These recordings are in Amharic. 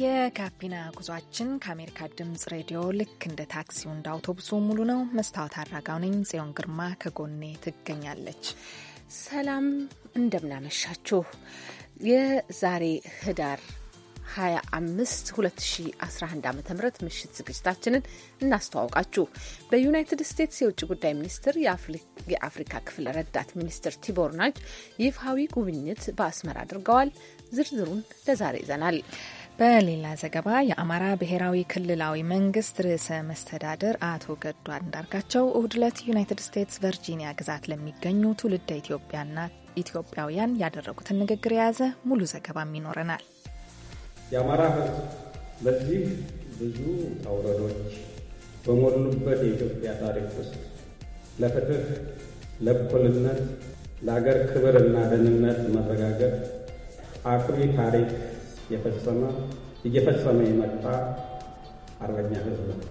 የጋቢና ጉዟችን ከአሜሪካ ድምጽ ሬዲዮ ልክ እንደ ታክሲው እንደ አውቶቡሱ ሙሉ ነው። መስታወት አድራጋው ነኝ ጽዮን ግርማ ከጎኔ ትገኛለች። ሰላም እንደምናመሻችሁ። የዛሬ ህዳር 25 2011 ዓ ም ምሽት ዝግጅታችንን እናስተዋውቃችሁ። በዩናይትድ ስቴትስ የውጭ ጉዳይ ሚኒስትር የአፍሪካ ክፍል ረዳት ሚኒስትር ቲቦር ናጅ ይፋዊ ጉብኝት በአስመራ አድርገዋል። ዝርዝሩን ለዛሬ ይዘናል። በሌላ ዘገባ የአማራ ብሔራዊ ክልላዊ መንግስት ርዕሰ መስተዳድር አቶ ገዱ አንዳርጋቸው እሁድ ዕለት ዩናይትድ ስቴትስ ቨርጂኒያ ግዛት ለሚገኙ ትውልደ ኢትዮጵያና ኢትዮጵያውያን ያደረጉትን ንግግር የያዘ ሙሉ ዘገባም ይኖረናል። የአማራ ህዝብ በዚህ ብዙ አውረዶች በሞሉበት የኢትዮጵያ ታሪክ ውስጥ ለፍትህ፣ ለእኩልነት፣ ለአገር ክብርና ደህንነት መረጋገጥ አኩሪ ታሪክ የፈጸመ እየፈጸመ የመጣ አርበኛ ህዝብ ነው።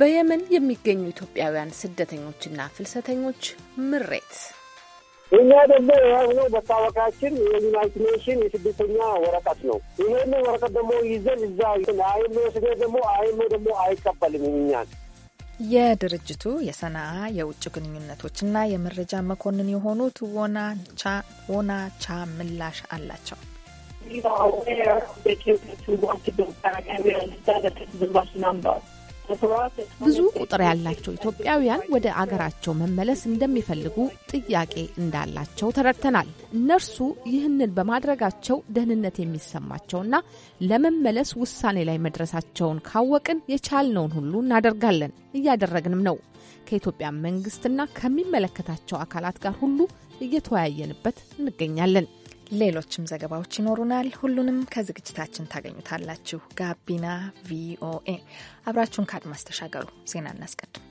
በየመን የሚገኙ ኢትዮጵያውያን ስደተኞችና ፍልሰተኞች ምሬት እኛ ደግሞ የያዝነው መታወቂያችን የዩናይትድ ኔሽን የስደተኛ ወረቀት ነው። ይሄን ወረቀት ደግሞ ይዘን እዛ አይሞ ስደ ደግሞ አይሞ ደግሞ አይቀበልም እኛን። የድርጅቱ የሰናአ የውጭ ግንኙነቶችና የመረጃ መኮንን የሆኑት ወና ቻ ምላሽ አላቸው። ብዙ ቁጥር ያላቸው ኢትዮጵያውያን ወደ አገራቸው መመለስ እንደሚፈልጉ ጥያቄ እንዳላቸው ተረድተናል። እነርሱ ይህንን በማድረጋቸው ደህንነት የሚሰማቸውና ለመመለስ ውሳኔ ላይ መድረሳቸውን ካወቅን የቻልነውን ሁሉ እናደርጋለን፣ እያደረግንም ነው። ከኢትዮጵያ መንግስትና ከሚመለከታቸው አካላት ጋር ሁሉ እየተወያየንበት እንገኛለን። ሌሎችም ዘገባዎች ይኖሩናል። ሁሉንም ከዝግጅታችን ታገኙታላችሁ። ጋቢና ቪኦኤ አብራችሁን ከአድማስ ተሻገሩ። ዜና እናስቀድም።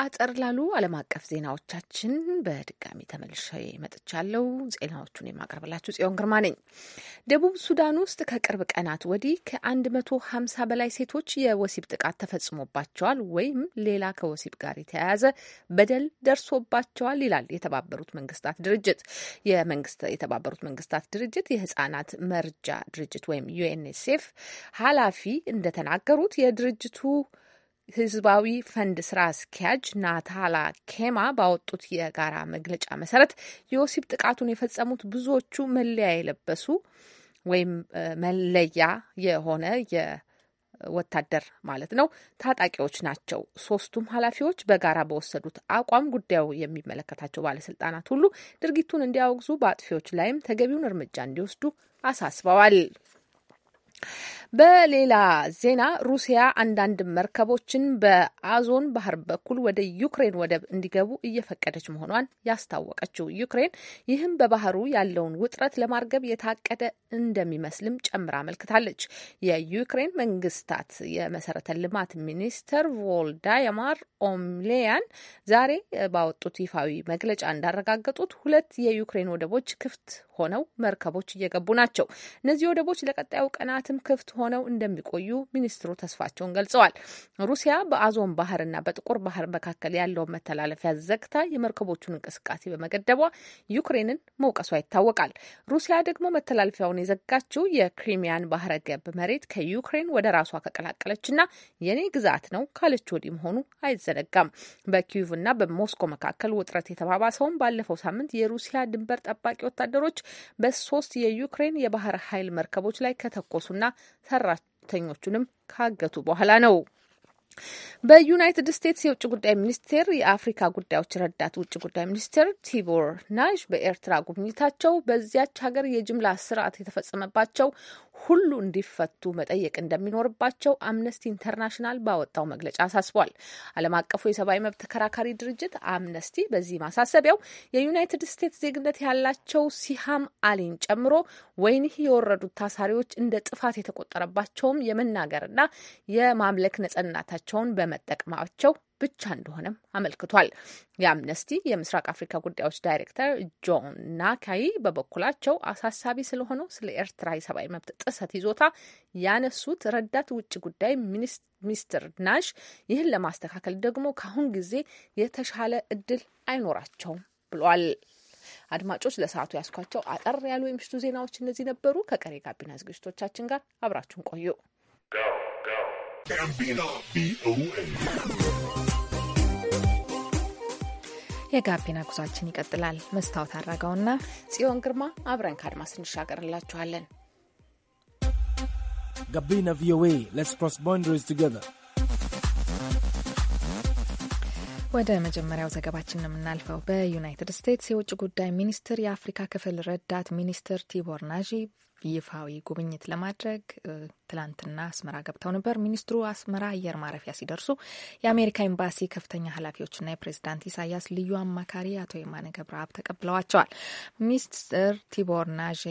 አጠር ላሉ ዓለም አቀፍ ዜናዎቻችን በድጋሚ ተመልሼ መጥቻለሁ። ዜናዎቹን የማቀርብላችሁ ጽዮን ግርማ ነኝ። ደቡብ ሱዳን ውስጥ ከቅርብ ቀናት ወዲህ ከ150 በላይ ሴቶች የወሲብ ጥቃት ተፈጽሞባቸዋል ወይም ሌላ ከወሲብ ጋር የተያያዘ በደል ደርሶባቸዋል ይላል የተባበሩት መንግስታት ድርጅት። የተባበሩት መንግስታት ድርጅት የህጻናት መርጃ ድርጅት ወይም ዩኤንኤስኤፍ ኃላፊ እንደተናገሩት የድርጅቱ ህዝባዊ ፈንድ ስራ አስኪያጅ ናታላ ኬማ ባወጡት የጋራ መግለጫ መሰረት የወሲብ ጥቃቱን የፈጸሙት ብዙዎቹ መለያ የለበሱ ወይም መለያ የሆነ ወታደር ማለት ነው ታጣቂዎች ናቸው። ሶስቱም ኃላፊዎች በጋራ በወሰዱት አቋም ጉዳዩ የሚመለከታቸው ባለስልጣናት ሁሉ ድርጊቱን እንዲያወግዙ፣ በአጥፊዎች ላይም ተገቢውን እርምጃ እንዲወስዱ አሳስበዋል። በሌላ ዜና ሩሲያ አንዳንድ መርከቦችን በአዞን ባህር በኩል ወደ ዩክሬን ወደብ እንዲገቡ እየፈቀደች መሆኗን ያስታወቀችው ዩክሬን ይህም በባህሩ ያለውን ውጥረት ለማርገብ የታቀደ እንደሚመስልም ጨምራ አመልክታለች። የዩክሬን መንግስታት የመሰረተ ልማት ሚኒስትር ቮልዳያማር ኦምሌያን ዛሬ ባወጡት ይፋዊ መግለጫ እንዳረጋገጡት ሁለት የዩክሬን ወደቦች ክፍት ሆነው መርከቦች እየገቡ ናቸው። እነዚህ ወደቦች ለቀጣዩ ቀናትም ክፍት ሆነው እንደሚቆዩ ሚኒስትሩ ተስፋቸውን ገልጸዋል። ሩሲያ በአዞን ባህርና በጥቁር ባህር መካከል ያለውን መተላለፊያ ዘግታ የመርከቦቹን እንቅስቃሴ በመገደቧ ዩክሬንን መውቀሷ ይታወቃል። ሩሲያ ደግሞ መተላለፊያውን የዘጋችው የክሪሚያን ባህረ ገብ መሬት ከዩክሬን ወደ ራሷ ከቀላቀለችና የኔ ግዛት ነው ካለች ወዲህ መሆኑ አይዘነጋም። በኪዩቭና በሞስኮ መካከል ውጥረት የተባባሰውን ባለፈው ሳምንት የሩሲያ ድንበር ጠባቂ ወታደሮች በሶስት የዩክሬን የባህር ኃይል መርከቦች ላይ ከተኮሱና ሰራተኞቹንም ካገቱ በኋላ ነው። በዩናይትድ ስቴትስ የውጭ ጉዳይ ሚኒስቴር የአፍሪካ ጉዳዮች ረዳት ውጭ ጉዳይ ሚኒስትር ቲቦር ናዥ በኤርትራ ጉብኝታቸው በዚያች ሀገር የጅምላ ስርዓት የተፈጸመባቸው ሁሉ እንዲፈቱ መጠየቅ እንደሚኖርባቸው አምነስቲ ኢንተርናሽናል ባወጣው መግለጫ አሳስቧል። ዓለም አቀፉ የሰብአዊ መብት ተከራካሪ ድርጅት አምነስቲ በዚህ ማሳሰቢያው የዩናይትድ ስቴትስ ዜግነት ያላቸው ሲሃም አሊን ጨምሮ ወህኒ የወረዱት ታሳሪዎች እንደ ጥፋት የተቆጠረባቸውም የመናገርና የማምለክ ነጻነታቸውን በመጠቀማቸው ብቻ እንደሆነም አመልክቷል። የአምነስቲ የምስራቅ አፍሪካ ጉዳዮች ዳይሬክተር ጆን ናካይ በበኩላቸው አሳሳቢ ስለሆነው ስለ ኤርትራ የሰብአዊ መብት ጥሰት ይዞታ ያነሱት ረዳት ውጭ ጉዳይ ሚኒስትር ናሽ ይህን ለማስተካከል ደግሞ ከአሁን ጊዜ የተሻለ እድል አይኖራቸውም ብሏል። አድማጮች ለሰዓቱ ያስኳቸው አጠር ያሉ የምሽቱ ዜናዎች እነዚህ ነበሩ። ከቀሪ ጋቢና ዝግጅቶቻችን ጋር አብራችሁን ቆዩ። የጋቢና ጉዟችን ይቀጥላል። መስታወት አድረገውና ጽዮን ግርማ አብረን ከአድማስ እንሻገርላችኋለን። ጋቢና ቪኦኤ ሌትስ ክሮስ ቦንደሪስ ቱጌዘር ወደ መጀመሪያው ዘገባችን የምናልፈው። በዩናይትድ ስቴትስ የውጭ ጉዳይ ሚኒስትር የአፍሪካ ክፍል ረዳት ሚኒስትር ቲቦር ናዢ ይፋዊ ጉብኝት ለማድረግ ትላንትና አስመራ ገብተው ነበር። ሚኒስትሩ አስመራ አየር ማረፊያ ሲደርሱ የአሜሪካ ኤምባሲ ከፍተኛ ኃላፊዎችና የፕሬዚዳንት ኢሳያስ ልዩ አማካሪ አቶ የማነ ገብረአብ ተቀብለዋቸዋል። ሚኒስትር ቲቦር ናዤ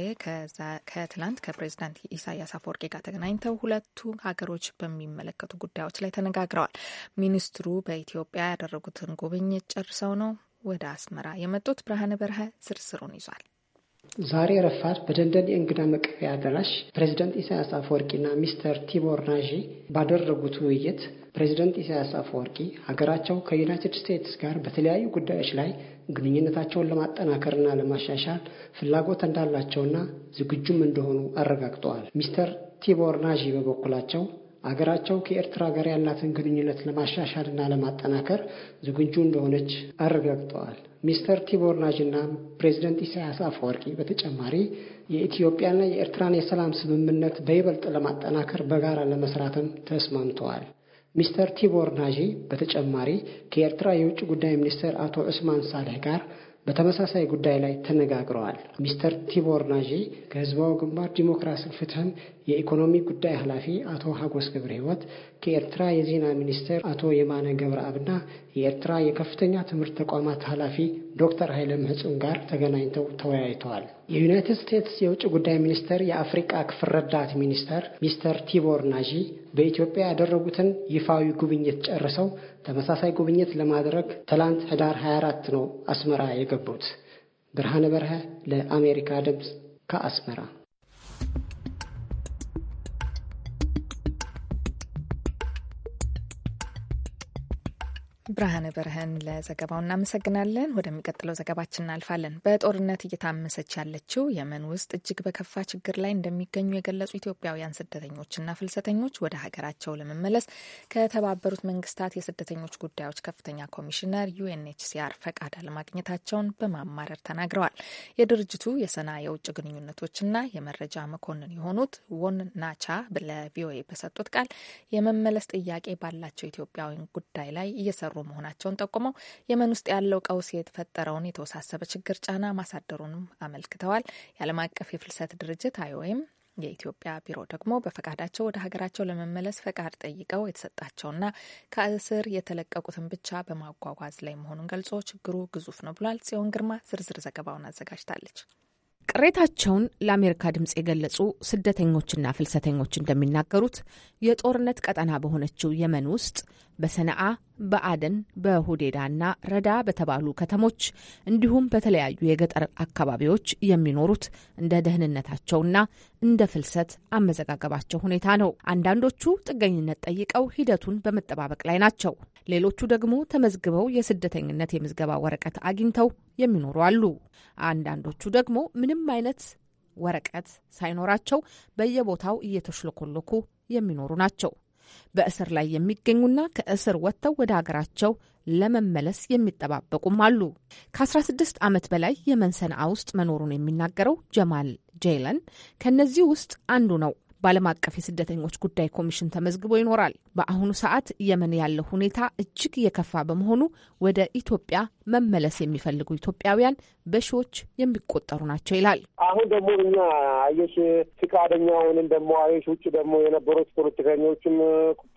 ከትላንት ከፕሬዚዳንት ኢሳያስ አፈወርቂ ጋር ተገናኝተው ሁለቱ ሀገሮች በሚመለከቱ ጉዳዮች ላይ ተነጋግረዋል። ሚኒስትሩ በኢትዮጵያ ያደረጉትን ጉብኝት ጨርሰው ነው ወደ አስመራ የመጡት። ብርሃነ በረሀ ዝርዝሩን ይዟል። ዛሬ ረፋድ በደንደን የእንግዳ መቀበያ አዳራሽ ፕሬዝደንት ኢሳያስ አፈወርቂና ሚስተር ቲቦር ናዢ ባደረጉት ውይይት ፕሬዝደንት ኢሳያስ አፈወርቂ ሀገራቸው ከዩናይትድ ስቴትስ ጋር በተለያዩ ጉዳዮች ላይ ግንኙነታቸውን ለማጠናከርና ለማሻሻል ፍላጎት እንዳላቸውና ዝግጁም እንደሆኑ አረጋግጠዋል። ሚስተር ቲቦር ናዢ በበኩላቸው አገራቸው ከኤርትራ ጋር ያላትን ግንኙነት ለማሻሻልና ለማጠናከር ዝግጁ እንደሆነች አረጋግጠዋል። ሚስተር ቲቦር ናጅና ፕሬዚደንት ኢሳያስ አፈወርቂ በተጨማሪ የኢትዮጵያና የኤርትራን የሰላም ስምምነት በይበልጥ ለማጠናከር በጋራ ለመስራትም ተስማምተዋል። ሚስተር ቲቦር ናጂ በተጨማሪ ከኤርትራ የውጭ ጉዳይ ሚኒስትር አቶ ዑስማን ሳሌህ ጋር በተመሳሳይ ጉዳይ ላይ ተነጋግረዋል። ሚስተር ቲቦር ናዢ ከህዝባዊ ግንባር ዲሞክራሲ ፍትህን የኢኮኖሚ ጉዳይ ኃላፊ አቶ ሀጎስ ገብረ ህይወት ከኤርትራ የዜና ሚኒስቴር አቶ የማነ ገብረ አብና የኤርትራ የከፍተኛ ትምህርት ተቋማት ኃላፊ ዶክተር ኃይለ ምህጹን ጋር ተገናኝተው ተወያይተዋል። የዩናይትድ ስቴትስ የውጭ ጉዳይ ሚኒስቴር የአፍሪቃ ክፍል ረዳት ሚኒስተር ሚስተር ቲቦር ናዢ በኢትዮጵያ ያደረጉትን ይፋዊ ጉብኝት ጨርሰው ተመሳሳይ ጉብኝት ለማድረግ ትላንት ህዳር 24 ነው አስመራ የገቡት። ብርሃነ በርሀ ለአሜሪካ ድምፅ ከአስመራ ብርሃነ በረህን ለዘገባው እናመሰግናለን። ወደሚቀጥለው ዘገባችን እናልፋለን። በጦርነት እየታመሰች ያለችው የመን ውስጥ እጅግ በከፋ ችግር ላይ እንደሚገኙ የገለጹ ኢትዮጵያውያን ስደተኞችና ፍልሰተኞች ወደ ሀገራቸው ለመመለስ ከተባበሩት መንግስታት የስደተኞች ጉዳዮች ከፍተኛ ኮሚሽነር ዩኤንኤችሲአር ፈቃድ አለማግኘታቸውን በማማረር ተናግረዋል። የድርጅቱ የሰና የውጭ ግንኙነቶችና የመረጃ መኮንን የሆኑት ወን ናቻ ለቪኦኤ በሰጡት ቃል የመመለስ ጥያቄ ባላቸው ኢትዮጵያውያን ጉዳይ ላይ እየሰሩ መሆናቸውን ጠቁመው የመን ውስጥ ያለው ቀውስ የተፈጠረውን የተወሳሰበ ችግር ጫና ማሳደሩንም አመልክተዋል። የዓለም አቀፍ የፍልሰት ድርጅት አይኦኤም የኢትዮጵያ ቢሮ ደግሞ በፈቃዳቸው ወደ ሀገራቸው ለመመለስ ፈቃድ ጠይቀው የተሰጣቸውና ከእስር የተለቀቁትን ብቻ በማጓጓዝ ላይ መሆኑን ገልጾ ችግሩ ግዙፍ ነው ብሏል። ጽዮን ግርማ ዝርዝር ዘገባውን አዘጋጅታለች። ቅሬታቸውን ለአሜሪካ ድምፅ የገለጹ ስደተኞችና ፍልሰተኞች እንደሚናገሩት የጦርነት ቀጠና በሆነችው የመን ውስጥ በሰነአ፣ በአደን፣ በሁዴዳና ረዳ በተባሉ ከተሞች እንዲሁም በተለያዩ የገጠር አካባቢዎች የሚኖሩት እንደ ደህንነታቸውና እንደ ፍልሰት አመዘጋገባቸው ሁኔታ ነው። አንዳንዶቹ ጥገኝነት ጠይቀው ሂደቱን በመጠባበቅ ላይ ናቸው። ሌሎቹ ደግሞ ተመዝግበው የስደተኝነት የምዝገባ ወረቀት አግኝተው የሚኖሩ አሉ። አንዳንዶቹ ደግሞ ምንም አይነት ወረቀት ሳይኖራቸው በየቦታው እየተሽለኮለኩ የሚኖሩ ናቸው። በእስር ላይ የሚገኙና ከእስር ወጥተው ወደ ሀገራቸው ለመመለስ የሚጠባበቁም አሉ። ከ16 ዓመት በላይ የመን ሰንዓ ውስጥ መኖሩን የሚናገረው ጀማል ጄለን ከእነዚህ ውስጥ አንዱ ነው። በዓለም አቀፍ የስደተኞች ጉዳይ ኮሚሽን ተመዝግቦ ይኖራል። በአሁኑ ሰዓት የመን ያለው ሁኔታ እጅግ የከፋ በመሆኑ ወደ ኢትዮጵያ መመለስ የሚፈልጉ ኢትዮጵያውያን በሺዎች የሚቆጠሩ ናቸው ይላል። አሁን ደግሞ እኛ አየሽ ፍቃደኛ ሆንን ደግሞ አየሽ ውጭ ደግሞ የነበሩት ፖለቲከኞችም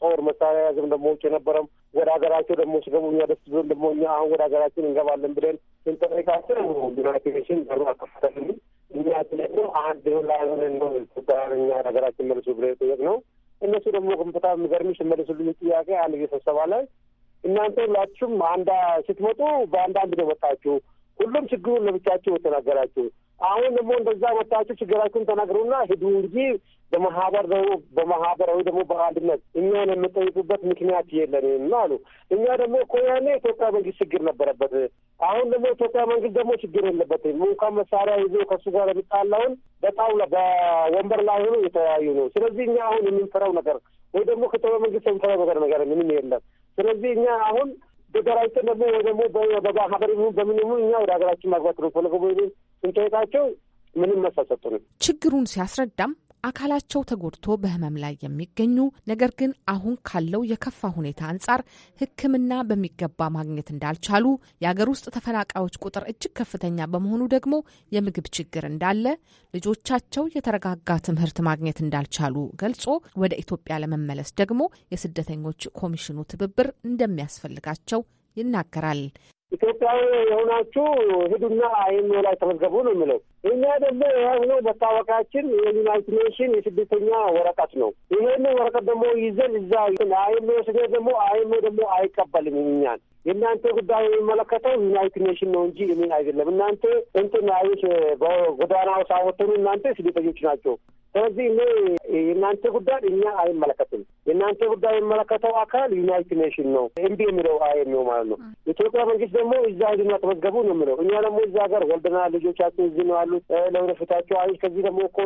ጦር መሳሪያ ያዝም ደግሞ ውጭ የነበረም ወደ ሀገራቸው ደግሞ ሲገቡ እኛ ደስ ብሎን ደግሞ እኛ አሁን ወደ ሀገራችን እንገባለን ብለን ዩናይትድ ዩናይቴሽን በሩ አከፈተልን የሚያስለቅነው አንድ ዶላር ነው ኩባያኛ ነገራችን መልሱ ብለ የጠየቅ ነው። እነሱ ደግሞ በጣም የሚገርምሽ የመለሱልኝ ጥያቄ አንድ ጊዜ ስብሰባ ላይ እናንተ ሁላችሁም አንዳ ስትመጡ በአንዳንድ ነው ወጣችሁ፣ ሁሉም ችግሩን ለብቻችሁ የተናገራችሁ አሁን ደግሞ እንደዛ ወጣችሁ ችግራችሁን ተናግሩና ሂዱ እንጂ በማህበር ደግሞ በማህበራዊ ደግሞ በአንድነት እኛን የምጠይቁበት ምክንያት የለንም አሉ። እኛ ደግሞ እኮ ያኔ ኢትዮጵያ መንግስት ችግር ነበረበት። አሁን ደግሞ ኢትዮጵያ መንግስት ደግሞ ችግር የለበትም። እንኳን መሳሪያ ይዞ ከሱ ጋር የሚጣላውን በጣውላ በወንበር ላይ ሆኖ የተወያዩ ነው። ስለዚህ እኛ አሁን የምንፈራው ነገር ወይ ደግሞ ከኢትዮጵያ መንግስት የምንፈራው ነገር ነገር ምንም የለም። ስለዚህ እኛ አሁን በገራይተን ደግሞ ወይ ደግሞ በማህበር በምንሙ እኛ ወደ ሀገራችን ማግባት ነው ፈለገ ወይ ስንጠይቃቸው ምንም ነው። ችግሩን ሲያስረዳም አካላቸው ተጎድቶ በህመም ላይ የሚገኙ ነገር ግን አሁን ካለው የከፋ ሁኔታ አንጻር ሕክምና በሚገባ ማግኘት እንዳልቻሉ፣ የአገር ውስጥ ተፈናቃዮች ቁጥር እጅግ ከፍተኛ በመሆኑ ደግሞ የምግብ ችግር እንዳለ፣ ልጆቻቸው የተረጋጋ ትምህርት ማግኘት እንዳልቻሉ ገልጾ ወደ ኢትዮጵያ ለመመለስ ደግሞ የስደተኞች ኮሚሽኑ ትብብር እንደሚያስፈልጋቸው ይናገራል። ኢትዮጵያዊ የሆናችሁ ሂዱና አይኤምኦ ላይ ተመዝገቡ ነው የሚለው። እኛ ደግሞ የያዝነው መታወቂያችን የዩናይትድ ኔሽን የስደተኛ ወረቀት ነው። ይሄን ወረቀት ደግሞ ይዘን እዛ አይሞ ስደት ደግሞ አይሞ ደግሞ አይቀበልም እኛን የእናንተ ጉዳይ የሚመለከተው ዩናይትድ ኔሽን ነው እንጂ የምን አይደለም። እናንተ እንትን አይሽ ጎዳናው ሳወተኑ እናንተ ስደተኞች ናቸው። ስለዚህ እኔ የእናንተ ጉዳይ እኛ አይመለከትም። የእናንተ ጉዳይ የሚመለከተው አካል ዩናይትድ ኔሽን ነው፣ ኤምቢ የሚለው አይ ነው ማለት ነው። የኢትዮጵያ መንግስት ደግሞ እዛ ሄዱና ተመዝገቡ ነው የሚለው። እኛ ደግሞ እዛ ሀገር ወልደና ልጆቻችን እዚህ ነው ያሉት ለወደፊታቸው። አይ ከዚህ ደግሞ እኮ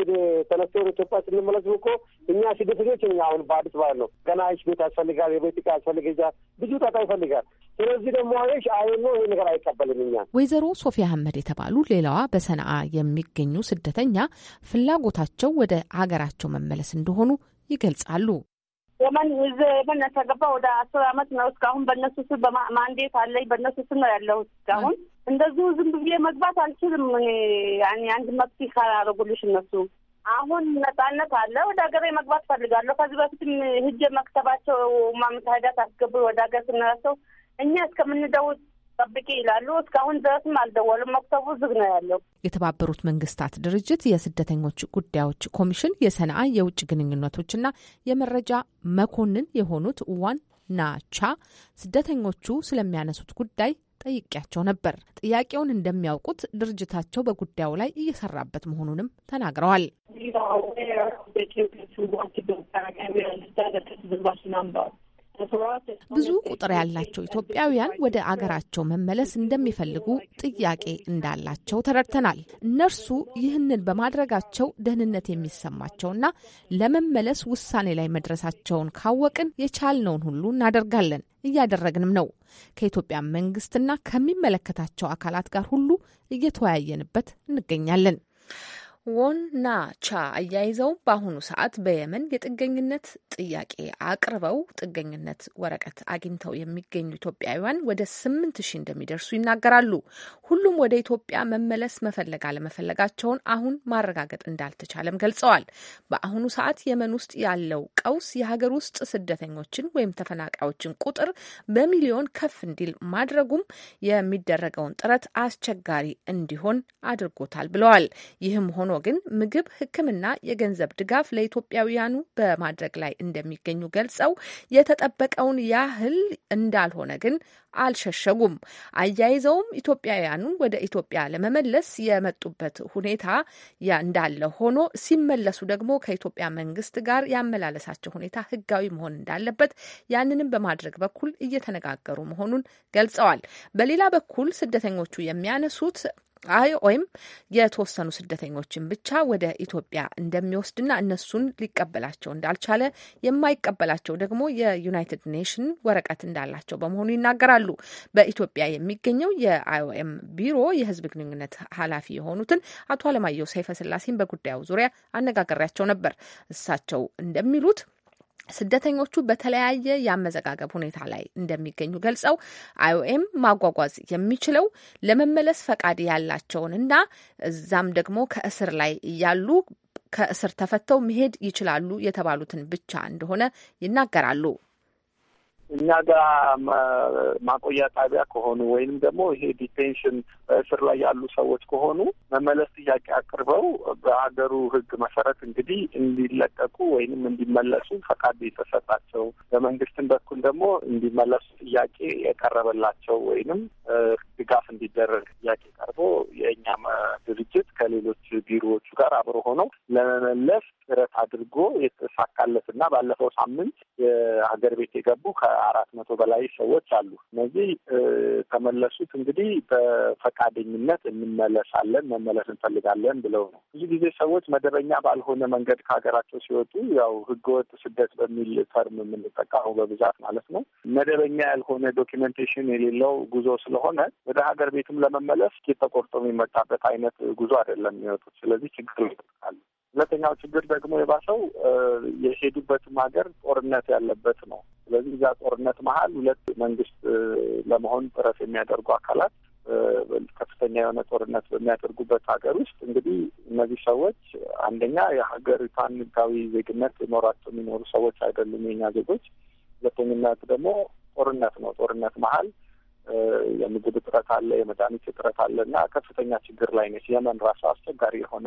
ተነስቶ ወደ ኢትዮጵያ ስንመለስ እኮ እኛ ስደተኞች እኛ አሁን በአዲስ ማለት ነው ገና ይሽ ቤት ያስፈልጋል፣ የቤት ዕቃ ያስፈልግ፣ እዛ ብዙ ጣጣ ይፈልጋል። ስለዚህ ደግሞ አይሽ አይ ነው ይህ ነገር አይቀበልም። እኛ ወይዘሮ ሶፊያ አህመድ የተባሉ ሌላዋ በሰንአ የሚገኙ ስደተኛ ፍላጎታቸው ወደ ሀገራቸው መመለስ እንደሆኑ ይገልጻሉ። የመን ውዝ የመን ተገባ ወደ አስር አመት ነው። እስካሁን በእነሱ ስር በማንዴት አለኝ በእነሱ ስር ነው ያለሁት። እስካሁን እንደዚሁ ዝም ብዬ መግባት አልችልም። ያኔ አንድ መፍትሄ ካላረጉልሽ እነሱ አሁን ነጻነት አለ። ወደ ሀገሬ መግባት ፈልጋለሁ። ከዚህ በፊትም ህጀ መክተባቸው ማምታዳት አስገብር ወደ ሀገር ስንረሰው እኛ እስከምንደውል ጠብቂ ይላሉ። እስካሁን ድረስም አልደወሉም። መክተቡ ዝግ ነው ያለው። የተባበሩት መንግስታት ድርጅት የስደተኞች ጉዳዮች ኮሚሽን የሰንአ የውጭ ግንኙነቶችና የመረጃ መኮንን የሆኑት ዋን ናቻ ስደተኞቹ ስለሚያነሱት ጉዳይ ጠይቄያቸው ነበር። ጥያቄውን እንደሚያውቁት ድርጅታቸው በጉዳዩ ላይ እየሰራበት መሆኑንም ተናግረዋል። ብዙ ቁጥር ያላቸው ኢትዮጵያውያን ወደ አገራቸው መመለስ እንደሚፈልጉ ጥያቄ እንዳላቸው ተረድተናል። እነርሱ ይህንን በማድረጋቸው ደህንነት የሚሰማቸውና ለመመለስ ውሳኔ ላይ መድረሳቸውን ካወቅን የቻልነውን ሁሉ እናደርጋለን፣ እያደረግንም ነው። ከኢትዮጵያ መንግስትና ከሚመለከታቸው አካላት ጋር ሁሉ እየተወያየንበት እንገኛለን። ወን ና ቻ አያይዘው በአሁኑ ሰዓት በየመን የጥገኝነት ጥያቄ አቅርበው ጥገኝነት ወረቀት አግኝተው የሚገኙ ኢትዮጵያውያን ወደ ስምንት ሺህ እንደሚደርሱ ይናገራሉ። ሁሉም ወደ ኢትዮጵያ መመለስ መፈለግ አለመፈለጋቸውን አሁን ማረጋገጥ እንዳልተቻለም ገልጸዋል። በአሁኑ ሰዓት የመን ውስጥ ያለው ቀውስ የሀገር ውስጥ ስደተኞችን ወይም ተፈናቃዮችን ቁጥር በሚሊዮን ከፍ እንዲል ማድረጉም የሚደረገውን ጥረት አስቸጋሪ እንዲሆን አድርጎታል ብለዋል። ይህም ሆኖ ግን ምግብ፣ ሕክምና፣ የገንዘብ ድጋፍ ለኢትዮጵያውያኑ በማድረግ ላይ እንደሚገኙ ገልጸው የተጠበቀውን ያህል እንዳልሆነ ግን አልሸሸጉም። አያይዘውም ኢትዮጵያውያኑን ወደ ኢትዮጵያ ለመመለስ የመጡበት ሁኔታ እንዳለ ሆኖ ሲመለሱ ደግሞ ከኢትዮጵያ መንግስት ጋር ያመላለሳቸው ሁኔታ ህጋዊ መሆን እንዳለበት ያንንም በማድረግ በኩል እየተነጋገሩ መሆኑን ገልጸዋል። በሌላ በኩል ስደተኞቹ የሚያነሱት አይኦኤም የተወሰኑ ስደተኞችን ብቻ ወደ ኢትዮጵያ እንደሚወስድና እነሱን ሊቀበላቸው እንዳልቻለ የማይቀበላቸው ደግሞ የዩናይትድ ኔሽን ወረቀት እንዳላቸው በመሆኑ ይናገራሉ። በኢትዮጵያ የሚገኘው የአይኦኤም ቢሮ የህዝብ ግንኙነት ኃላፊ የሆኑትን አቶ አለማየሁ ሰይፈ ስላሴን በጉዳዩ ዙሪያ አነጋገሪያቸው ነበር። እሳቸው እንደሚሉት ስደተኞቹ በተለያየ የአመዘጋገብ ሁኔታ ላይ እንደሚገኙ ገልጸው አይኦኤም ማጓጓዝ የሚችለው ለመመለስ ፈቃድ ያላቸውን እና እዛም ደግሞ ከእስር ላይ እያሉ ከእስር ተፈተው መሄድ ይችላሉ የተባሉትን ብቻ እንደሆነ ይናገራሉ። እኛ ጋር ማቆያ ጣቢያ ከሆኑ ወይንም ደግሞ ይሄ ዲቴንሽን በእስር ላይ ያሉ ሰዎች ከሆኑ መመለስ ጥያቄ አቅርበው በሀገሩ ህግ መሰረት እንግዲህ እንዲለቀቁ ወይንም እንዲመለሱ ፈቃድ የተሰጣቸው በመንግስትም በኩል ደግሞ እንዲመለሱ ጥያቄ የቀረበላቸው ወይንም ድጋፍ እንዲደረግ ጥያቄ ቀርቦ የእኛ ድርጅት ከሌሎች ቢሮዎቹ ጋር አብሮ ሆነው ለመመለስ ጥረት አድርጎ የተሳካለት እና ባለፈው ሳምንት የሀገር ቤት የገቡ ከአራት መቶ በላይ ሰዎች አሉ። እነዚህ ተመለሱት እንግዲህ ፈቃደኝነት እንመለሳለን መመለስ እንፈልጋለን ብለው ነው። ብዙ ጊዜ ሰዎች መደበኛ ባልሆነ መንገድ ከሀገራቸው ሲወጡ ያው ህገወጥ ስደት በሚል ተርም የምንጠቀመው በብዛት ማለት ነው። መደበኛ ያልሆነ ዶኪመንቴሽን የሌለው ጉዞ ስለሆነ ወደ ሀገር ቤትም ለመመለስ ኬት ተቆርጦ የሚመጣበት አይነት ጉዞ አይደለም የሚወጡት። ስለዚህ ችግር ይጠቃል። ሁለተኛው ችግር ደግሞ የባሰው የሄዱበትም ሀገር ጦርነት ያለበት ነው። ስለዚህ እዛ ጦርነት መሀል ሁለት መንግስት ለመሆን ጥረት የሚያደርጉ አካላት ከፍተኛ የሆነ ጦርነት በሚያደርጉበት ሀገር ውስጥ እንግዲህ እነዚህ ሰዎች አንደኛ የሀገሪቷን ህጋዊ ዜግነት ኖሯቸው የሚኖሩ ሰዎች አይደሉም የኛ ዜጎች። ሁለተኝነት ደግሞ ጦርነት ነው። ጦርነት መሀል የምግብ እጥረት አለ፣ የመድኃኒት እጥረት አለ እና ከፍተኛ ችግር ላይ ነች የመን ራሱ አስቸጋሪ የሆነ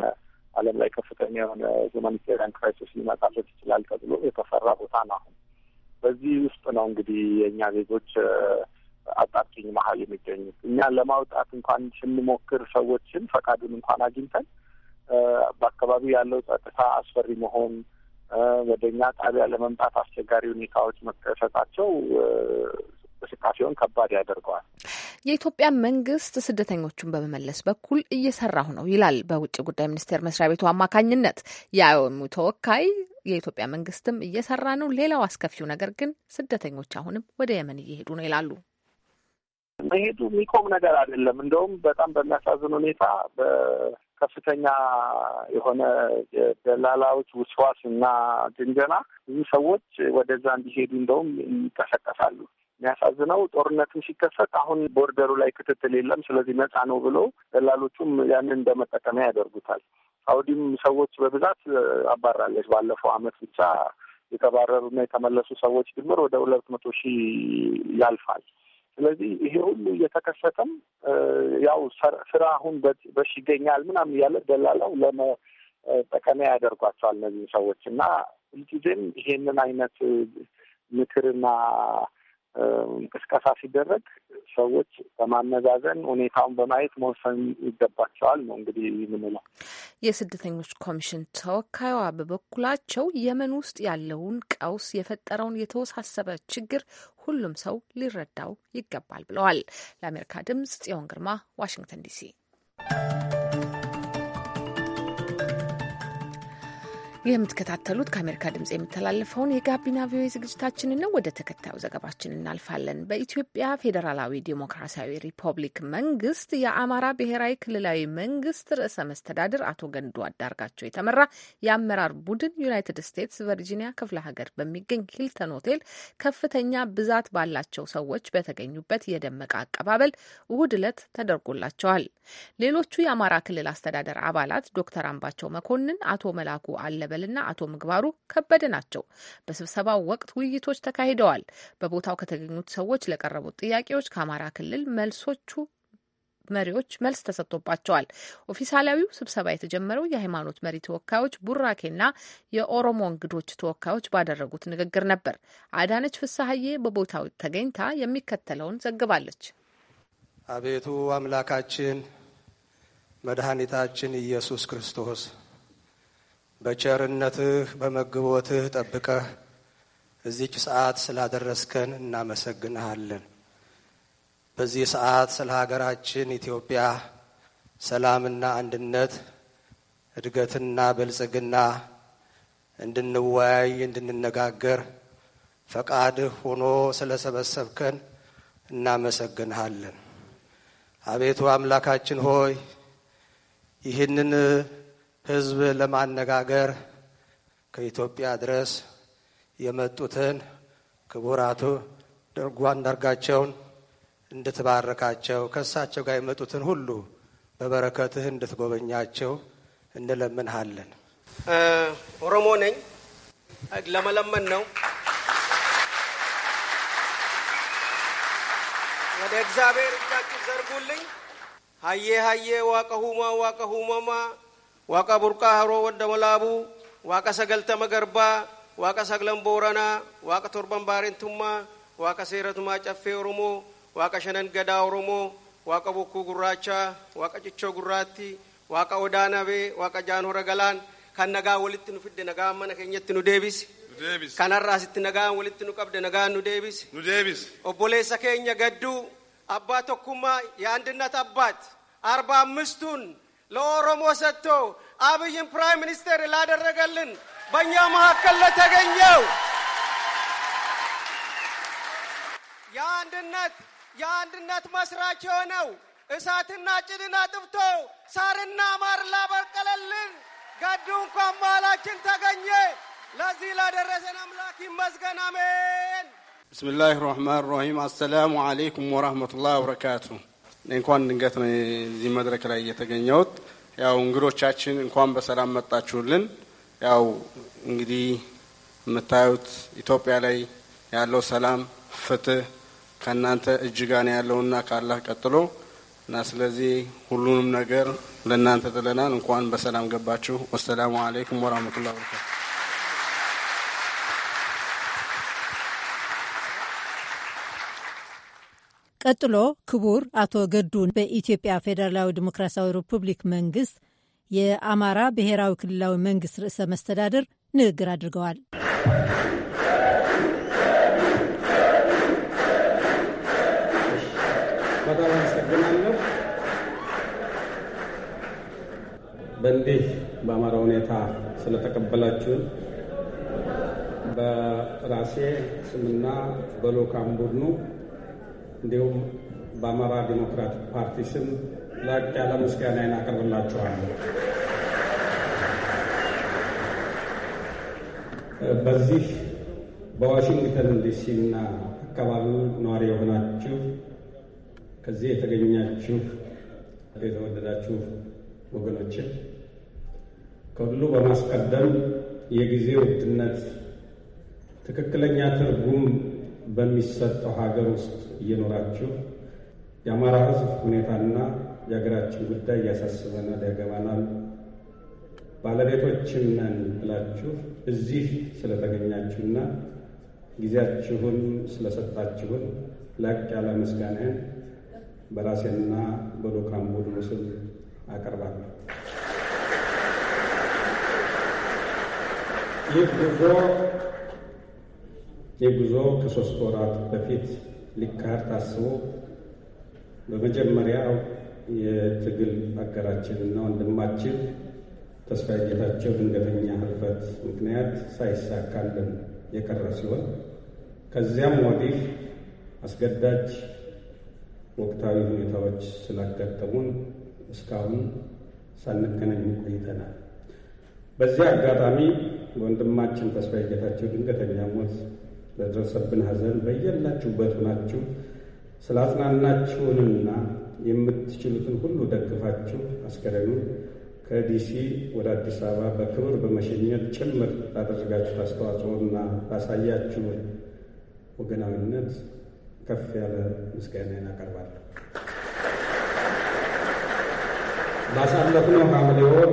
ዓለም ላይ ከፍተኛ የሆነ ሁማኒቴሪያን ክራይሲስ ሊመጣበት ይችላል ተብሎ የተፈራ ቦታ ነው። አሁን በዚህ ውስጥ ነው እንግዲህ የእኛ ዜጎች አጣብቂኝ መሀል የሚገኙት እኛን ለማውጣት እንኳን ስንሞክር ሰዎችን ፈቃዱን እንኳን አግኝተን በአካባቢው ያለው ጸጥታ አስፈሪ መሆን ወደ እኛ ጣቢያ ለመምጣት አስቸጋሪ ሁኔታዎች መከሰታቸው እንቅስቃሴውን ከባድ ያደርገዋል። የኢትዮጵያ መንግስት ስደተኞቹን በመመለስ በኩል እየሰራሁ ነው ይላል በውጭ ጉዳይ ሚኒስቴር መስሪያ ቤቱ አማካኝነት የአዮሙ ተወካይ። የኢትዮጵያ መንግስትም እየሰራ ነው። ሌላው አስከፊው ነገር ግን ስደተኞች አሁንም ወደ የመን እየሄዱ ነው ይላሉ። መሄዱ የሚቆም ነገር አይደለም። እንደውም በጣም በሚያሳዝን ሁኔታ በከፍተኛ የሆነ የደላላዎች ውስዋስ እና ድንገና ብዙ ሰዎች ወደዛ እንዲሄዱ እንደውም ይቀሰቀሳሉ። የሚያሳዝነው ጦርነትም ሲከሰት አሁን ቦርደሩ ላይ ክትትል የለም። ስለዚህ ነፃ ነው ብሎ ደላሎቹም ያንን እንደ መጠቀሚያ ያደርጉታል። ሳውዲም ሰዎች በብዛት አባራለች። ባለፈው አመት ብቻ የተባረሩና የተመለሱ ሰዎች ድምር ወደ ሁለት መቶ ሺህ ያልፋል። ስለዚህ ይሄ ሁሉ እየተከሰተም ያው ስራ አሁን በሽ ይገኛል ምናምን እያለ ደላላው ለመጠቀሚያ ያደርጓቸዋል እነዚህ ሰዎች እና ሁልጊዜም ይሄንን አይነት ምክርና እንቅስቀሳ ሲደረግ ሰዎች በማመዛዘን ሁኔታውን በማየት መወሰን ይገባቸዋል ነው እንግዲህ የምንለው። የስደተኞች ኮሚሽን ተወካይዋ በበኩላቸው የመን ውስጥ ያለውን ቀውስ የፈጠረውን የተወሳሰበ ችግር ሁሉም ሰው ሊረዳው ይገባል ብለዋል። ለአሜሪካ ድምጽ ጽዮን ግርማ ዋሽንግተን ዲሲ የምትከታተሉት ከአሜሪካ ድምጽ የሚተላለፈውን የጋቢና ቪኦኤ ዝግጅታችን ነው። ወደ ተከታዩ ዘገባችን እናልፋለን። በኢትዮጵያ ፌዴራላዊ ዴሞክራሲያዊ ሪፐብሊክ መንግስት የአማራ ብሔራዊ ክልላዊ መንግስት ርዕሰ መስተዳድር አቶ ገንዱ አዳርጋቸው የተመራ የአመራር ቡድን ዩናይትድ ስቴትስ ቨርጂኒያ ክፍለ ሀገር በሚገኝ ሂልተን ሆቴል ከፍተኛ ብዛት ባላቸው ሰዎች በተገኙበት የደመቀ አቀባበል እሁድ ዕለት ተደርጎላቸዋል። ሌሎቹ የአማራ ክልል አስተዳደር አባላት ዶክተር አምባቸው መኮንን፣ አቶ መላኩ አለ ማዕበልና አቶ ምግባሩ ከበደ ናቸው። በስብሰባው ወቅት ውይይቶች ተካሂደዋል። በቦታው ከተገኙት ሰዎች ለቀረቡት ጥያቄዎች ከአማራ ክልል መልሶቹ መሪዎች መልስ ተሰጥቶባቸዋል። ኦፊሳላዊው ስብሰባ የተጀመረው የሃይማኖት መሪ ተወካዮች ቡራኬና የኦሮሞ እንግዶች ተወካዮች ባደረጉት ንግግር ነበር። አዳነች ፍስሀዬ በቦታው ተገኝታ የሚከተለውን ዘግባለች። አቤቱ አምላካችን መድኃኒታችን ኢየሱስ ክርስቶስ በቸርነትህ በመግቦትህ ጠብቀህ እዚች ሰዓት ስላደረስከን እናመሰግንሃለን። በዚህ ሰዓት ስለ ሀገራችን ኢትዮጵያ ሰላምና አንድነት፣ እድገትና ብልጽግና እንድንወያይ፣ እንድንነጋገር ፈቃድህ ሆኖ ስለ ሰበሰብከን እናመሰግንሃለን። አቤቱ አምላካችን ሆይ ይህንን ህዝብ ለማነጋገር ከኢትዮጵያ ድረስ የመጡትን ክቡራቱ ደርጓ አንዳርጋቸውን እንድትባርካቸው ከእሳቸው ጋር የመጡትን ሁሉ በበረከትህ እንድትጎበኛቸው እንለምንሃለን። ኦሮሞ ነኝ፣ ለመለመን ነው። ወደ እግዚአብሔር እጃችሁ ዘርጉልኝ። ሀዬ ሀዬ ዋቀሁማ ዋቀሁማማ waaqa burqaa haroo wadda walaabuu waaqa sagaltama garbaa waaqa saglan booranaa waaqa torban baarentummaa waaqa seeratumaa caffee oromoo waaqa shanan gadaa oromoo waaqa bokkuu guraachaa waaqa cichoo gurraatti waaqa odaa nabee waaqa hora galaan kan nagaan walitti nu fidde nagaa mana keenyatti nu deebise kanarraa sitti nagaan walitti nu qabde nagaan nu deebise nu deebise obboleessa keenya gadduu abbaa tokkummaa የአንድነት abbaat arbaa አምስቱን ለኦሮሞ ሰጥቶ አብይን ፕራይም ሚኒስቴር ላደረገልን በእኛ መካከል ለተገኘው የአንድነት የአንድነት መስራች የሆነው እሳትና ጭድን አጥፍቶ ሳርና ማር ላበቀለልን ገዱ እንኳን መሃላችን ተገኘ። ለዚህ ላደረሰን አምላክ ይመስገን። አሜን። ብስሚላህ ራህማን ራሂም። አሰላሙ አለይኩም ወራህመቱላህ ወበረካቱሁ እንኳን ድንገት ነው እዚህ መድረክ ላይ እየተገኘሁት። ያው እንግዶቻችን እንኳን በሰላም መጣችሁልን። ያው እንግዲህ የምታዩት ኢትዮጵያ ላይ ያለው ሰላም፣ ፍትህ ከእናንተ እጅ ጋር ነው ያለውና ካላህ ቀጥሎ እና ስለዚህ ሁሉንም ነገር ለእናንተ ጥለናል። እንኳን በሰላም ገባችሁ። ወሰላሙ አለይኩም ወራህመቱላሂ ወበረካቱ ቀጥሎ ክቡር አቶ ገዱን በኢትዮጵያ ፌዴራላዊ ዲሞክራሲያዊ ሪፑብሊክ መንግስት የአማራ ብሔራዊ ክልላዊ መንግስት ርዕሰ መስተዳድር ንግግር አድርገዋል። አመሰግናለሁ። በእንዲህ በአማራ ሁኔታ ስለተቀበላችሁ በራሴ ስምና በሎካም ቡድኑ እንዲሁም በአማራ ዲሞክራቲክ ፓርቲ ስም ላቅ ያለ ምስጋናዬን አቀርብላችኋለሁ። በዚህ በዋሽንግተን ዲሲ እና አካባቢው ነዋሪ የሆናችሁ ከዚህ የተገኛችሁ የተወደዳችሁ ወገኖችን ከሁሉ በማስቀደም የጊዜ ውድነት ትክክለኛ ትርጉም በሚሰጠው ሀገር ውስጥ እየኖራችሁ የአማራ ሕዝብ ሁኔታና የሀገራችን ጉዳይ እያሳስበናል፣ ያገባናል፣ ባለቤቶችም ነን ብላችሁ እዚህ ስለተገኛችሁና ጊዜያችሁን ስለሰጣችሁን ላቅ ያለ ምስጋናን በራሴና በሉካም ቡድኑ ስም አቀርባለሁ። ይህ ጉዞ የጉዞ ከሶስት ወራት በፊት ሊካሄድ ታስቦ በመጀመሪያው የትግል እና ወንድማችን ተስፋዬ ጌታቸው ድንገተኛ ህልፈት ምክንያት ሳይሳካልን የቀረ ሲሆን ከዚያም ወዲህ አስገዳጅ ወቅታዊ ሁኔታዎች ስላጋጠሙን እስካሁን ሳንገናኝ ቆይተናል። በዚህ አጋጣሚ ወንድማችን ተስፋዬ ጌታቸው ድንገተኛ ሞት ለደረሰብን ሐዘን በየላችሁበት ሆናችሁ ስላጽናናችሁንና የምትችሉትን ሁሉ ደግፋችሁ አስከሬኑን ከዲሲ ወደ አዲስ አበባ በክብር በመሸኘት ጭምር ላደረጋችሁት አስተዋጽኦና ላሳያችሁ ወገናዊነት ከፍ ያለ ምስጋና አቀርባለሁ። ባሳለፍነው ሐምሌ ወር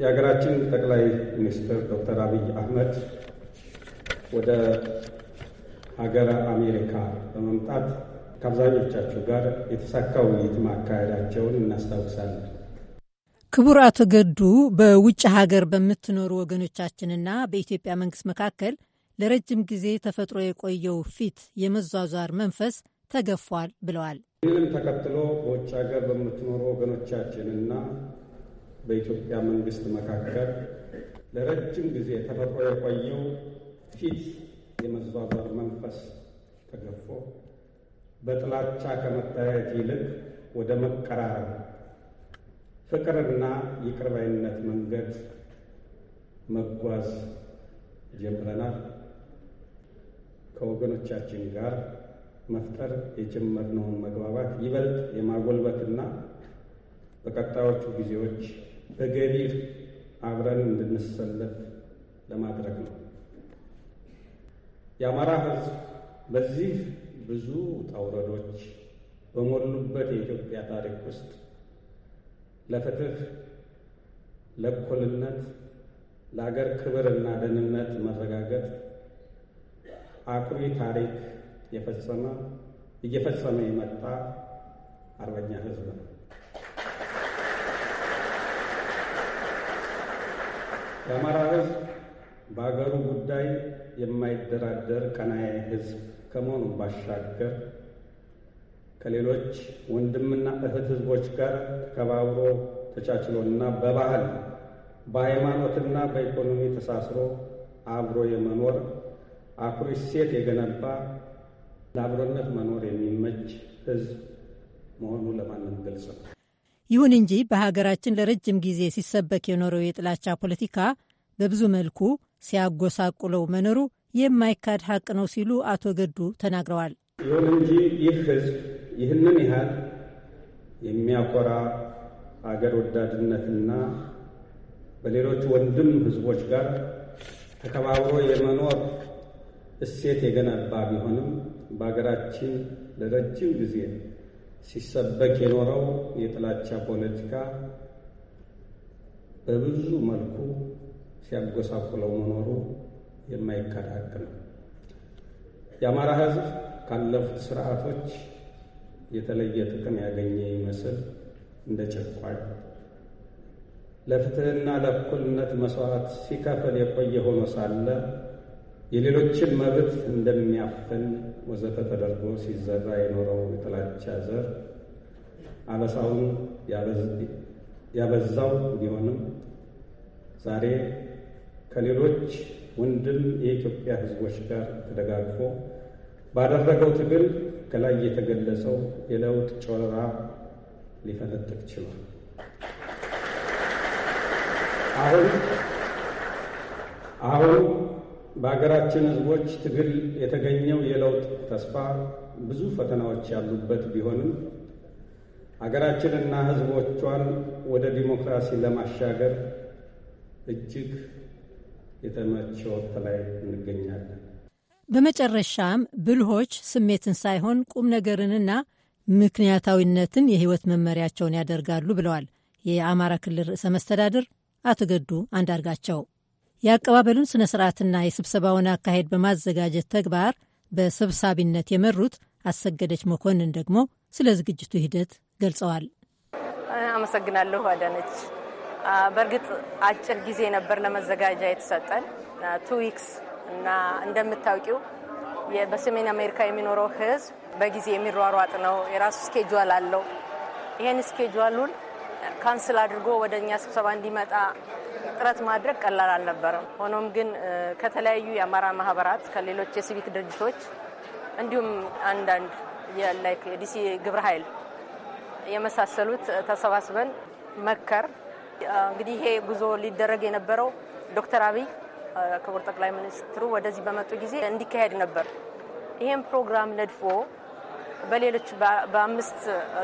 የሀገራችን ጠቅላይ ሚኒስትር ዶክተር አብይ አህመድ ወደ ሀገር አሜሪካ በመምጣት ከአብዛኞቻቸው ጋር የተሳካ ውይይት ማካሄዳቸውን እናስታውሳለን። ክቡር አቶ ገዱ በውጭ ሀገር በምትኖሩ ወገኖቻችንና በኢትዮጵያ መንግስት መካከል ለረጅም ጊዜ ተፈጥሮ የቆየው ፊት የመዟዟር መንፈስ ተገፏል ብለዋል። ይህንም ተከትሎ በውጭ ሀገር በምትኖሩ ወገኖቻችንና በኢትዮጵያ መንግስት መካከል ለረጅም ጊዜ ተፈጥሮ የቆየው ፊት የመዟዟር መንፈስ ተገፎ በጥላቻ ከመታየት ይልቅ ወደ መቀራረብ ፍቅርና ይቅርባይነት መንገድ መጓዝ ጀምረናል። ከወገኖቻችን ጋር መፍጠር የጀመርነውን መግባባት ይበልጥ የማጎልበትና በቀጣዮቹ ጊዜዎች በገቢር አብረን እንድንሰለፍ ለማድረግ ነው። የአማራ ህዝብ በዚህ ብዙ ውጣ በሞሉበት የኢትዮጵያ ታሪክ ውስጥ ለፍትህ፣ ለእኩልነት፣ ለአገር ክብርና ደህንነት መረጋገጥ አኩሪ ታሪክ የፈጸመ እየፈጸመ የመጣ አርበኛ ህዝብ ነው። የአማራ ህዝብ በአገሩ ጉዳይ የማይደራደር ቀናዬ ህዝብ ከመሆኑ ባሻገር ከሌሎች ወንድምና እህት ህዝቦች ጋር ተከባብሮ ተቻችሎና በባህል በሃይማኖትና በኢኮኖሚ ተሳስሮ አብሮ የመኖር አኩሪ እሴት የገነባ ለአብሮነት መኖር የሚመች ህዝብ መሆኑ ለማንም ግልጽ ነው። ይሁን እንጂ በሀገራችን ለረጅም ጊዜ ሲሰበክ የኖረው የጥላቻ ፖለቲካ በብዙ መልኩ ሲያጎሳቁለው መኖሩ የማይካድ ሀቅ ነው ሲሉ አቶ ገዱ ተናግረዋል። ይሁን እንጂ ይህ ህዝብ ይህንን ያህል የሚያኮራ አገር ወዳድነትና በሌሎች ወንድም ህዝቦች ጋር ተከባብሮ የመኖር እሴት የገነባ ቢሆንም በሀገራችን ለረጅም ጊዜ ሲሰበክ የኖረው የጥላቻ ፖለቲካ በብዙ መልኩ ሲያጎሳቁለው መኖሩ የማይካድ ነው። የአማራ ሕዝብ ካለፉት ስርዓቶች የተለየ ጥቅም ያገኘ ይመስል እንደ ጨቋኝ ለፍትህና ለእኩልነት መስዋዕት ሲከፍል የቆየ ሆኖ ሳለ የሌሎችን መብት እንደሚያፍን ወዘተ ተደርጎ ሲዘራ የኖረው የጥላቻ ዘር አበሳውን ያበዛው ቢሆንም ዛሬ ከሌሎች ወንድም የኢትዮጵያ ሕዝቦች ጋር ተደጋግፎ ባደረገው ትግል ከላይ የተገለጸው የለውጥ ጮረራ ሊፈነጥቅ ችሏል። አሁን አሁን በሀገራችን ሕዝቦች ትግል የተገኘው የለውጥ ተስፋ ብዙ ፈተናዎች ያሉበት ቢሆንም ሀገራችንና ሕዝቦቿን ወደ ዲሞክራሲ ለማሻገር እጅግ የተመቸ ወቅት ላይ እንገኛለን። በመጨረሻም ብልሆች ስሜትን ሳይሆን ቁም ነገርንና ምክንያታዊነትን የህይወት መመሪያቸውን ያደርጋሉ ብለዋል የአማራ ክልል ርዕሰ መስተዳድር አቶ ገዱ አንዳርጋቸው። የአቀባበሉን ስነ ስርዓትና የስብሰባውን አካሄድ በማዘጋጀት ተግባር በሰብሳቢነት የመሩት አሰገደች መኮንን ደግሞ ስለ ዝግጅቱ ሂደት ገልጸዋል። አመሰግናለሁ አዳነች። በእርግጥ አጭር ጊዜ ነበር ለመዘጋጃ የተሰጠን ቱ ዊክስ እና እንደምታውቂው በሰሜን አሜሪካ የሚኖረው ህዝብ በጊዜ የሚሯሯጥ ነው። የራሱ ስኬጁል አለው። ይህን ስኬጁሉን ካንስል አድርጎ ወደ እኛ ስብሰባ እንዲመጣ ጥረት ማድረግ ቀላል አልነበረም። ሆኖም ግን ከተለያዩ የአማራ ማህበራት፣ ከሌሎች የሲቪክ ድርጅቶች እንዲሁም አንዳንድ የዲሲ ግብረ ኃይል የመሳሰሉት ተሰባስበን መከር እንግዲህ ይሄ ጉዞ ሊደረግ የነበረው ዶክተር አብይ ክቡር ጠቅላይ ሚኒስትሩ ወደዚህ በመጡ ጊዜ እንዲካሄድ ነበር። ይህም ፕሮግራም ነድፎ በሌሎች በአምስት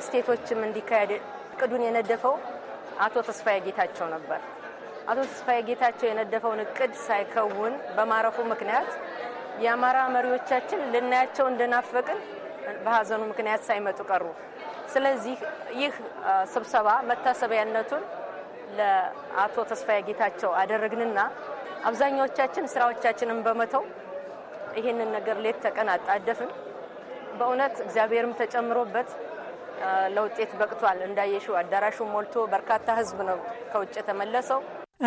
ስቴቶችም እንዲካሄድ እቅዱን የነደፈው አቶ ተስፋዬ ጌታቸው ነበር። አቶ ተስፋዬ ጌታቸው የነደፈውን እቅድ ሳይከውን በማረፉ ምክንያት የአማራ መሪዎቻችን ልናያቸው እንደናፈቅን በሀዘኑ ምክንያት ሳይመጡ ቀሩ። ስለዚህ ይህ ስብሰባ መታሰቢያነቱን ለአቶ ተስፋዬ ጌታቸው አደረግንና አብዛኛዎቻችን ስራዎቻችንን በመተው ይህንን ነገር ሌት ተቀን አጣደፍን። በእውነት እግዚአብሔርም ተጨምሮበት ለውጤት በቅቷል። እንዳየሽው አዳራሹ ሞልቶ በርካታ ህዝብ ነው ከውጭ የተመለሰው።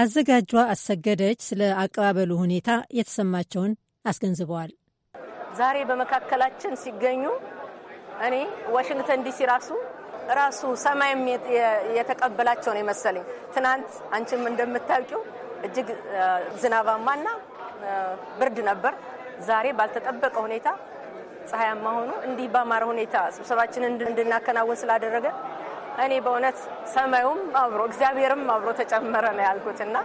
አዘጋጇ አሰገደች ስለ አቀባበሉ ሁኔታ የተሰማቸውን አስገንዝበዋል። ዛሬ በመካከላችን ሲገኙ እኔ ዋሽንግተን ዲሲ ራሱ ራሱ ሰማይም የተቀበላቸው ነው የመሰለኝ። ትናንት አንቺም እንደምታውቂው እጅግ ዝናባማና ብርድ ነበር። ዛሬ ባልተጠበቀ ሁኔታ ፀሐያማ ሆኖ እንዲህ በአማረ ሁኔታ ስብሰባችንን እንድናከናወን ስላደረገ እኔ በእውነት ሰማዩም አብሮ እግዚአብሔርም አብሮ ተጨመረ ነው ያልኩትና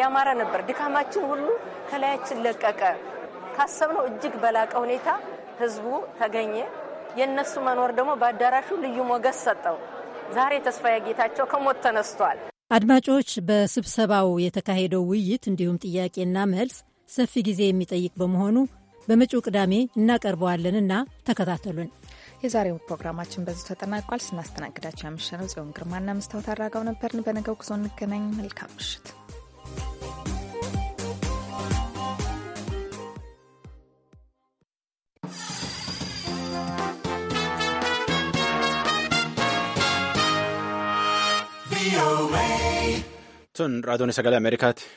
ያማረ ነበር። ድካማችን ሁሉ ከላያችን ለቀቀ። ካሰብነው እጅግ በላቀ ሁኔታ ህዝቡ ተገኘ። የእነሱ መኖር ደግሞ በአዳራሹ ልዩ ሞገስ ሰጠው። ዛሬ ተስፋዬ ጌታቸው ከሞት ተነስቷል። አድማጮች፣ በስብሰባው የተካሄደው ውይይት እንዲሁም ጥያቄና መልስ ሰፊ ጊዜ የሚጠይቅ በመሆኑ በመጪው ቅዳሜ እናቀርበዋለንና ተከታተሉን። የዛሬው ፕሮግራማችን በዚሁ ተጠናቋል። ስናስተናግዳቸው ያመሸነው ጽዮን ግርማና መስታወት አድራጋው ነበርን። በነገው ጉዞ እንገናኝ። መልካም ምሽት። sun raadiyoon sagalee ameerikaati.